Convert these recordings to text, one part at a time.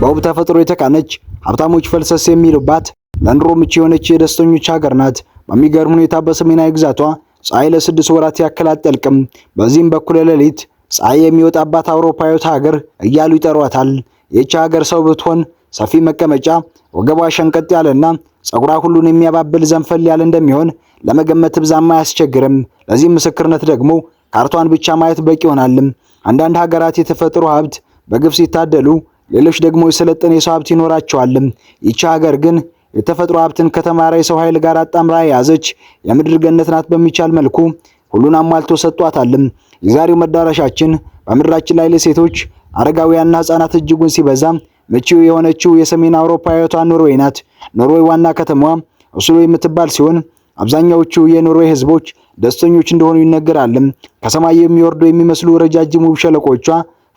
በውብ ተፈጥሮ የተቃነች ሀብታሞች ፈልሰስ የሚሉባት ለኑሮ ምቹ የሆነች የደስተኞች ሀገር ናት። በሚገርም ሁኔታ በሰሜናዊ ግዛቷ ፀሐይ ለስድስት ወራት ያክል አትጠልቅም። በዚህም በኩል ሌሊት ፀሐይ የሚወጣባት አውሮፓዊት ሀገር እያሉ ይጠሯታል። ይህች ሀገር ሰው ብትሆን ሰፊ መቀመጫ፣ ወገቧ ሸንቀጥ ያለና ጸጉሯ ሁሉን የሚያባብል ዘንፈል ያለ እንደሚሆን ለመገመት ብዛም አያስቸግርም። ለዚህም ምስክርነት ደግሞ ካርቷን ብቻ ማየት በቂ ይሆናል። አንዳንድ ሀገራት የተፈጥሮ ሀብት በግፍ ሲታደሉ ሌሎች ደግሞ የሰለጠነ የሰው ሀብት ይኖራቸዋልም። ይቺ ሀገር ግን የተፈጥሮ ሀብትን ከተማረ የሰው ኃይል ጋር አጣምራ የያዘች የምድር ገነት ናት። በሚቻል መልኩ ሁሉን አሟልቶ ሰጧታልም። የዛሬው መዳረሻችን በምድራችን ላይ ለሴቶች አረጋውያንና ህጻናት እጅጉን ሲበዛ ምቹ የሆነችው የሰሜን አውሮፓዊቷ ኖርዌይ ናት። ኖርዌይ ዋና ከተማዋ ኦስሎ የምትባል ሲሆን አብዛኛዎቹ የኖርዌይ ህዝቦች ደስተኞች እንደሆኑ ይነገራልም። ከሰማይ የሚወርዱ የሚመስሉ ረጃጅም ውብ ሸለቆቿ፣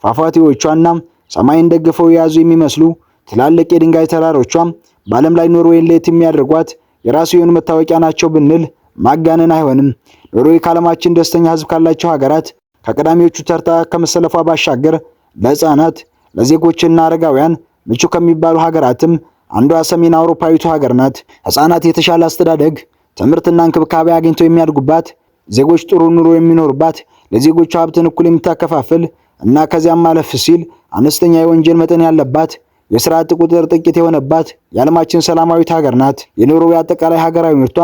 ፏፏቴዎቿና ሰማይን ደግፈው የያዙ የሚመስሉ ትላልቅ የድንጋይ ተራሮቿም በዓለም ላይ ኖርዌይን ለየት የሚያደርጓት የራሱ የሆኑ መታወቂያ ናቸው ብንል ማጋነን አይሆንም። ኖርዌይ ከዓለማችን ደስተኛ ሕዝብ ካላቸው ሀገራት ከቀዳሚዎቹ ተርታ ከመሰለፏ ባሻገር ለሕፃናት ለዜጎችና አረጋውያን ምቹ ከሚባሉ ሀገራትም አንዷ ሰሜን አውሮፓዊቱ ሀገር ናት። ሕፃናት የተሻለ አስተዳደግ፣ ትምህርትና እንክብካቤ አግኝተው የሚያድጉባት ዜጎች ጥሩ ኑሮ የሚኖሩባት ለዜጎቿ ሀብትን እኩል የምታከፋፍል እና ከዚያም ማለፍ ሲል አነስተኛ የወንጀል መጠን ያለባት የስራ አጥ ቁጥር ጥቂት የሆነባት የዓለማችን ሰላማዊት ሀገር ናት። የኖርዌይ አጠቃላይ ሀገራዊ ምርቷ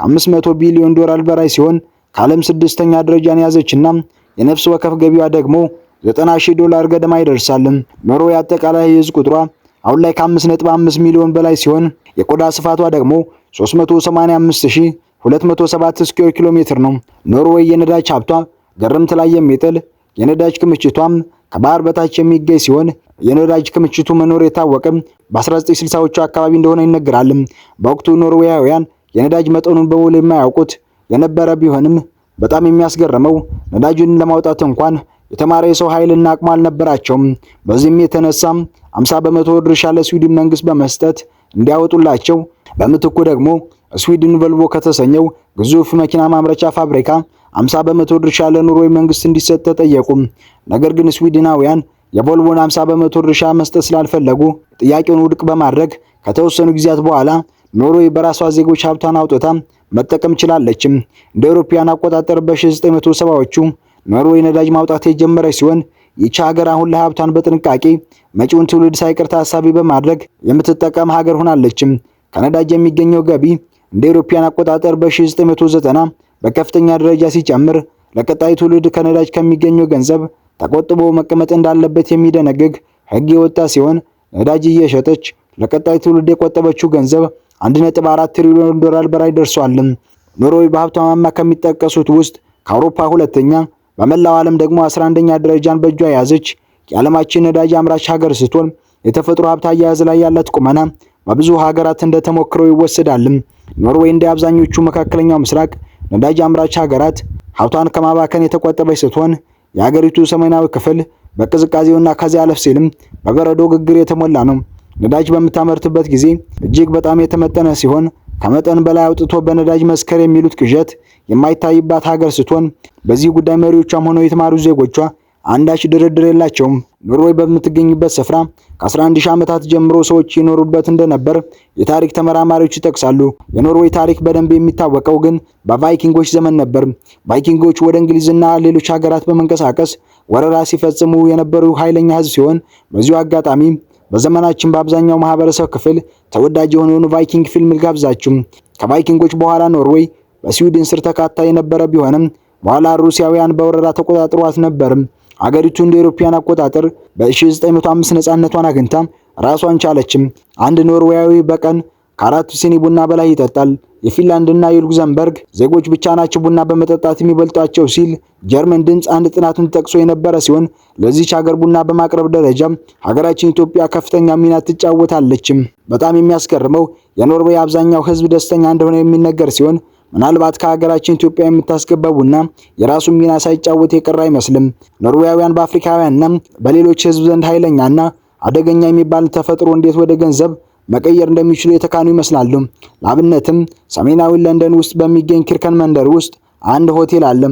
ከ500 ቢሊዮን ዶላር በላይ ሲሆን ከዓለም ስድስተኛ ደረጃን ያዘችና የነፍስ ወከፍ ገቢዋ ደግሞ 90 ሺህ ዶላር ገደማ ይደርሳልም። ኖርዌይ አጠቃላይ የህዝብ ቁጥሯ አሁን ላይ ከ5.5 ሚሊዮን በላይ ሲሆን የቆዳ ስፋቷ ደግሞ 385207 ስኩዌር ኪሎ ሜትር ነው። ኖርዌይ የነዳጅ ሀብቷ ግርምት ላይ የሚጥል የነዳጅ ክምችቷም ከባህር በታች የሚገኝ ሲሆን የነዳጅ ክምችቱ መኖር የታወቀም በ1960ዎቹ አካባቢ እንደሆነ ይነገራል። በወቅቱ ኖርዌያውያን የነዳጅ መጠኑን በውል የማያውቁት የነበረ ቢሆንም በጣም የሚያስገርመው ነዳጁን ለማውጣት እንኳን የተማረ የሰው ኃይልና አቅሙ አልነበራቸውም። በዚህም የተነሳ 50 በመቶ ድርሻ ለስዊድን መንግስት በመስጠት እንዲያወጡላቸው በምትኩ ደግሞ ስዊድን ቮልቮ ከተሰኘው ግዙፍ መኪና ማምረቻ ፋብሪካ 50 በመቶ ድርሻ ለኖርዌይ መንግስት እንዲሰጥ ተጠየቁ። ነገር ግን ስዊድናውያን የቮልቮን 50 በመቶ ድርሻ መስጠት ስላልፈለጉ ጥያቄውን ውድቅ በማድረግ ከተወሰኑ ጊዜያት በኋላ ኖርዌይ በራሷ ዜጎች ሀብቷን አውጥታ መጠቀም ችላለች። እንደ አውሮፓውያን አቆጣጠር በ1970ዎቹ ኖርዌይ ነዳጅ ማውጣት የጀመረች ሲሆን ይቺ ሀገር አሁን ላይ ሀብቷን በጥንቃቄ መጪውን ትውልድ ሳይቀር ታሳቢ በማድረግ የምትጠቀም ሀገር ሆናለችም። ከነዳጅ የሚገኘው ገቢ እንደ አውሮፓውያን አቆጣጠር በ1990 በከፍተኛ ደረጃ ሲጨምር ለቀጣይ ትውልድ ከነዳጅ ከሚገኘው ገንዘብ ተቆጥቦ መቀመጥ እንዳለበት የሚደነግግ ሕግ የወጣ ሲሆን ነዳጅ እየሸጠች ለቀጣይ ትውልድ የቆጠበችው ገንዘብ 1.4 ትሪሊዮን ዶላር በላይ ደርሷል። ኖርዌይ በሀብቷ ማማ ከሚጠቀሱት ውስጥ ከአውሮፓ ሁለተኛ፣ በመላው ዓለም ደግሞ 11ኛ ደረጃን በእጇ የያዘች የዓለማችን ነዳጅ አምራች ሀገር ስትሆን የተፈጥሮ ሀብት አያያዝ ላይ ያላት ቁመና በብዙ ሀገራት እንደተሞክረው ይወሰዳል። ኖርዌይ እንደ አብዛኞቹ መካከለኛው ምስራቅ ነዳጅ አምራች ሀገራት ሀብቷን ከማባከን የተቆጠበች ስትሆን የሀገሪቱ ሰሜናዊ ክፍል በቅዝቃዜውና ከዚያ አለፍ ሲልም በበረዶ ግግር የተሞላ ነው። ነዳጅ በምታመርትበት ጊዜ እጅግ በጣም የተመጠነ ሲሆን ከመጠን በላይ አውጥቶ በነዳጅ መስከር የሚሉት ቅዠት የማይታይባት ሀገር ስትሆን በዚህ ጉዳይ መሪዎቿም ሆነው የተማሩ ዜጎቿ አንዳች ድርድር የላቸውም። ኖርዌይ በምትገኝበት ስፍራ ከ11 ሺህ ዓመታት ጀምሮ ሰዎች ይኖሩበት እንደነበር የታሪክ ተመራማሪዎች ይጠቅሳሉ። የኖርዌይ ታሪክ በደንብ የሚታወቀው ግን በቫይኪንጎች ዘመን ነበር። ቫይኪንጎች ወደ እንግሊዝና ሌሎች ሀገራት በመንቀሳቀስ ወረራ ሲፈጽሙ የነበሩ ኃይለኛ ህዝብ ሲሆን በዚሁ አጋጣሚ በዘመናችን በአብዛኛው ማህበረሰብ ክፍል ተወዳጅ የሆነውን ቫይኪንግ ፊልም ልጋብዛችሁ። ከቫይኪንጎች በኋላ ኖርዌይ በስዊድን ስር ተካታይ የነበረ ቢሆንም በኋላ ሩሲያውያን በወረራ ተቆጣጥሯት ነበርም። አገሪቱ እንደ ኢሮፓያን አቆጣጠር በ1905 ነፃነቷን አግኝታ ራሷን ቻለችም። አንድ ኖርዌያዊ በቀን ከአራት ሲኒ ቡና በላይ ይጠጣል። የፊንላንድና የሉክዘምበርግ ዜጎች ብቻ ናቸው ቡና በመጠጣት የሚበልጧቸው ሲል ጀርመን ድምፅ አንድ ጥናቱን ጠቅሶ የነበረ ሲሆን ለዚች ሀገር ቡና በማቅረብ ደረጃ ሀገራችን ኢትዮጵያ ከፍተኛ ሚና ትጫወታለችም። በጣም የሚያስገርመው የኖርዌይ አብዛኛው ሕዝብ ደስተኛ እንደሆነ የሚነገር ሲሆን ምናልባት ከሀገራችን ኢትዮጵያ የምታስገባው ቡና የራሱን ሚና ሳይጫወት የቀረ አይመስልም። ኖርዌያውያን በአፍሪካውያንና በሌሎች ህዝብ ዘንድ ኃይለኛና አደገኛ የሚባል ተፈጥሮ እንዴት ወደ ገንዘብ መቀየር እንደሚችሉ የተካኑ ይመስላሉ። ለአብነትም ሰሜናዊ ለንደን ውስጥ በሚገኝ ኪርከን መንደር ውስጥ አንድ ሆቴል አለ።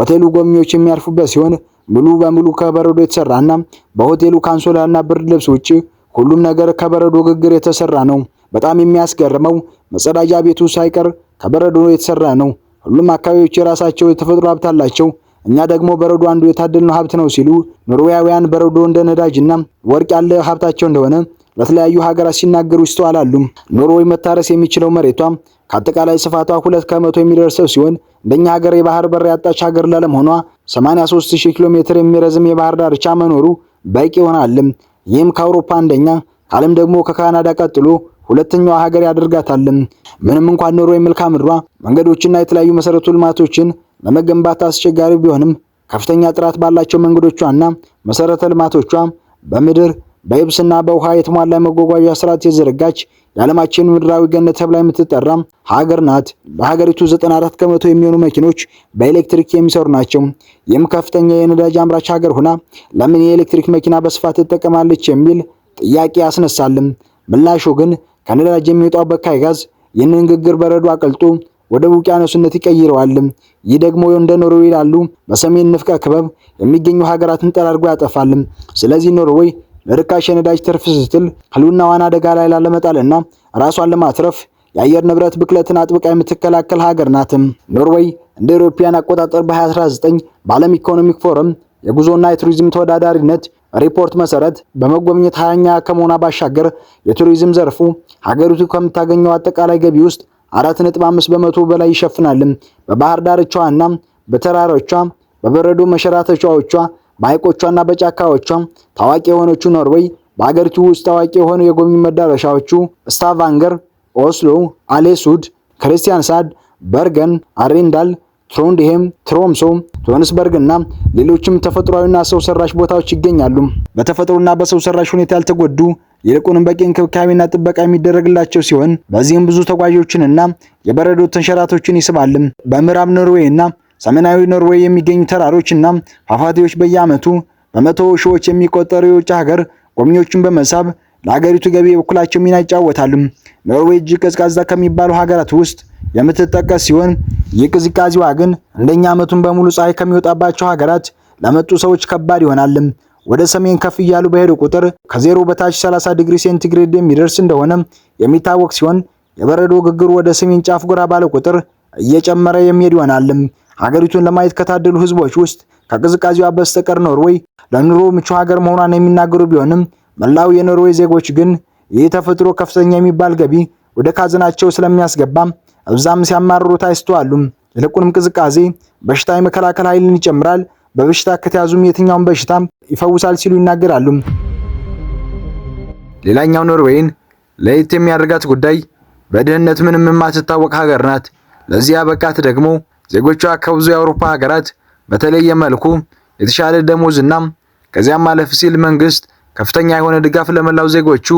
ሆቴሉ ጎብኚዎች የሚያርፉበት ሲሆን ሙሉ በሙሉ ከበረዶ የተሰራና በሆቴሉ ካንሶላና ብርድ ልብስ ውጪ ሁሉም ነገር ከበረዶ ግግር የተሰራ ነው። በጣም የሚያስገርመው መጸዳጃ ቤቱ ሳይቀር ከበረዶ የተሰራ ነው። ሁሉም አካባቢዎች የራሳቸው የተፈጥሮ ሀብት አላቸው። እኛ ደግሞ በረዶ አንዱ የታደልነው ሀብት ነው ሲሉ ኖርዌያውያን በረዶ እንደ ነዳጅና ወርቅ ያለ ሀብታቸው እንደሆነ ለተለያዩ ሀገራት ሲናገሩ ይስተዋላሉ። ኖርዌይ መታረስ የሚችለው መሬቷ ከአጠቃላይ ስፋቷ ሁለት ከመቶ የሚደርሰው ሲሆን እንደኛ ሀገር የባህር በር ያጣች ሀገር ላለመሆኗ 83000 ኪሎ ሜትር የሚረዝም የባህር ዳርቻ መኖሩ በቂ ይሆናልም። ይህም ከአውሮፓ አንደኛ ከዓለም ደግሞ ከካናዳ ቀጥሎ ሁለተኛዋ ሀገር ያደርጋታልም። ምንም እንኳን ኖሮ መልክዓ ምድሯ መንገዶችና የተለያዩ መሰረቱ ልማቶችን ለመገንባት አስቸጋሪ ቢሆንም ከፍተኛ ጥራት ባላቸው መንገዶቿና መሰረተ ልማቶቿ በምድር በየብስና በውሃ የተሟላ የመጓጓዣ ስርዓት የዘረጋች የዓለማችን ምድራዊ ገነት ተብላ የምትጠራ ሀገር ናት። በሀገሪቱ 94 ከመቶ የሚሆኑ መኪኖች በኤሌክትሪክ የሚሰሩ ናቸው። ይህም ከፍተኛ የነዳጅ አምራች ሀገር ሆና ለምን የኤሌክትሪክ መኪና በስፋት ትጠቀማለች የሚል ጥያቄ አስነሳልም። ምላሹ ግን ከነዳጅ የሚወጣው በካይ ጋዝ ይህንን ግግር በረዶ አቀልጦ ወደ ውቅያኖስነት ይቀይረዋል። ይህ ደግሞ እንደ ኖርዌይ ላሉ በሰሜን ንፍቀ ክበብ የሚገኙ ሀገራትን ጠራርጎ ያጠፋል። ስለዚህ ኖርዌይ ለርካሽ የነዳጅ ትርፍ ስትል ዋና አደጋ ላይ ላለመጣልና ራሷን ለማትረፍ የአየር ንብረት ብክለትን አጥብቃ የምትከላከል ሀገር ናት። ኖርዌይ እንደ ኢሮፓያን አቆጣጠር በ2019 በዓለም ኢኮኖሚክ ፎረም የጉዞና የቱሪዝም ተወዳዳሪነት ሪፖርት መሰረት በመጎብኘት ሀያኛ ከመሆኗ ባሻገር የቱሪዝም ዘርፉ ሀገሪቱ ከምታገኘው አጠቃላይ ገቢ ውስጥ 4.5 በመቶ በላይ ይሸፍናልም። በባህር ዳርቻዋና በተራሮቿ፣ በበረዶ መሸራተቻዎቿ፣ በሐይቆቿና በጫካዎቿ ታዋቂ የሆነችው ኖርዌይ በሀገሪቱ ውስጥ ታዋቂ የሆኑ የጎብኝ መዳረሻዎቹ ስታቫንገር፣ ኦስሎ፣ አሌሱድ፣ ክሪስቲያንሳድ፣ በርገን፣ አሪንዳል፣ ትሮንድሄም፣ ትሮምሶ፣ ጆሃንስበርግ እና ሌሎችም ተፈጥሯዊና ሰው ሰራሽ ቦታዎች ይገኛሉ። በተፈጥሮና በሰው ሰራሽ ሁኔታ ያልተጎዱ ይልቁንም በቂ እንክብካቤና ጥበቃ የሚደረግላቸው ሲሆን በዚህም ብዙ ተጓዦችንና የበረዶ ተንሸራቶችን ይስባል። በምዕራብ ኖርዌይ እና ሰሜናዊ ኖርዌይ የሚገኙ ተራሮችና ፏፏቴዎች በየዓመቱ በመቶ ሺዎች የሚቆጠሩ የውጭ ሀገር ጎብኚዎችን በመሳብ ለሀገሪቱ ገቢ የበኩላቸው ሚና ይጫወታሉ። ኖርዌይ እጅግ ቀዝቃዛ ከሚባሉ ሀገራት ውስጥ የምትጠቀስ ሲሆን ይህ ቅዝቃዜዋ ግን አንደኛ ዓመቱን በሙሉ ፀሐይ ከሚወጣባቸው ሀገራት ለመጡ ሰዎች ከባድ ይሆናል። ወደ ሰሜን ከፍ እያሉ በሄዱ ቁጥር ከዜሮ በታች 30 ዲግሪ ሴንቲግሬድ የሚደርስ እንደሆነ የሚታወቅ ሲሆን የበረዶ ግግሩ ወደ ሰሜን ጫፍ ጎራ ባለ ቁጥር እየጨመረ የሚሄድ ይሆናል። ሀገሪቱን ለማየት ከታደሉ ህዝቦች ውስጥ ከቅዝቃዜዋ በስተቀር ኖርዌይ ለኑሮ ምቹ ሀገር መሆኗን የሚናገሩ ቢሆንም መላው የኖርዌይ ዜጎች ግን ይህ ተፈጥሮ ከፍተኛ የሚባል ገቢ ወደ ካዝናቸው ስለሚያስገባ እብዛም ሲያማርሩት አይስተዋሉም። ይልቁንም ቅዝቃዜ በሽታ የመከላከል ኃይልን ይጨምራል፣ በበሽታ ከተያዙም የትኛውን በሽታ ይፈውሳል ሲሉ ይናገራሉ። ሌላኛው ኖርዌይን ለየት የሚያደርጋት ጉዳይ በድህነት ምንም የማትታወቅ ሀገር ናት። ለዚህ ያበቃት ደግሞ ዜጎቿ ከብዙ የአውሮፓ ሀገራት በተለየ መልኩ የተሻለ ደሞዝና ከዚያም ማለፍ ሲል መንግስት ከፍተኛ የሆነ ድጋፍ ለመላው ዜጎቹ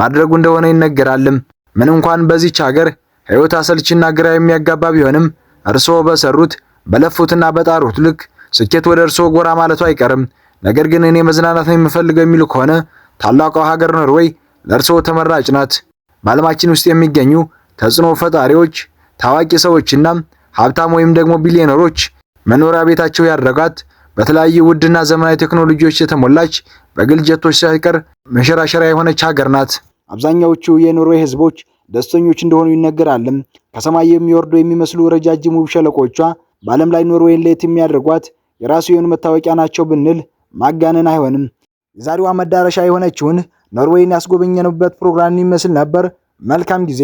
ማድረጉ እንደሆነ ይነገራልም። ምን እንኳን በዚች ሀገር ሕይወት አሰልችና ግራ የሚያጋባ ቢሆንም እርስዎ በሰሩት በለፉትና በጣሩት ልክ ስኬት ወደ እርስዎ ጎራ ማለቱ አይቀርም። ነገር ግን እኔ መዝናናት ነው የምፈልገው የሚሉ ከሆነ ታላቋ ሀገር ኖርዌይ ለእርስዎ ተመራጭ ናት። በዓለማችን ውስጥ የሚገኙ ተጽዕኖ ፈጣሪዎች፣ ታዋቂ ሰዎችና ሀብታም ወይም ደግሞ ቢሊዮነሮች መኖሪያ ቤታቸው ያደረጋት። በተለያዩ ውድና ዘመናዊ ቴክኖሎጂዎች የተሞላች በግል ጀቶች ሳይቀር መሸራሸሪያ የሆነች ሀገር ናት። አብዛኛዎቹ የኖርዌይ ህዝቦች ደስተኞች እንደሆኑ ይነገራልም። ከሰማይ የሚወርዱ የሚመስሉ ረጃጅም ውብ ሸለቆቿ በዓለም ላይ ኖርዌይን ለየት የሚያደርጓት የራሱ የሆኑ መታወቂያ ናቸው ብንል ማጋነን አይሆንም። የዛሬዋ መዳረሻ የሆነችውን ኖርዌይን ያስጎበኘንበት ፕሮግራም ይመስል ነበር። መልካም ጊዜ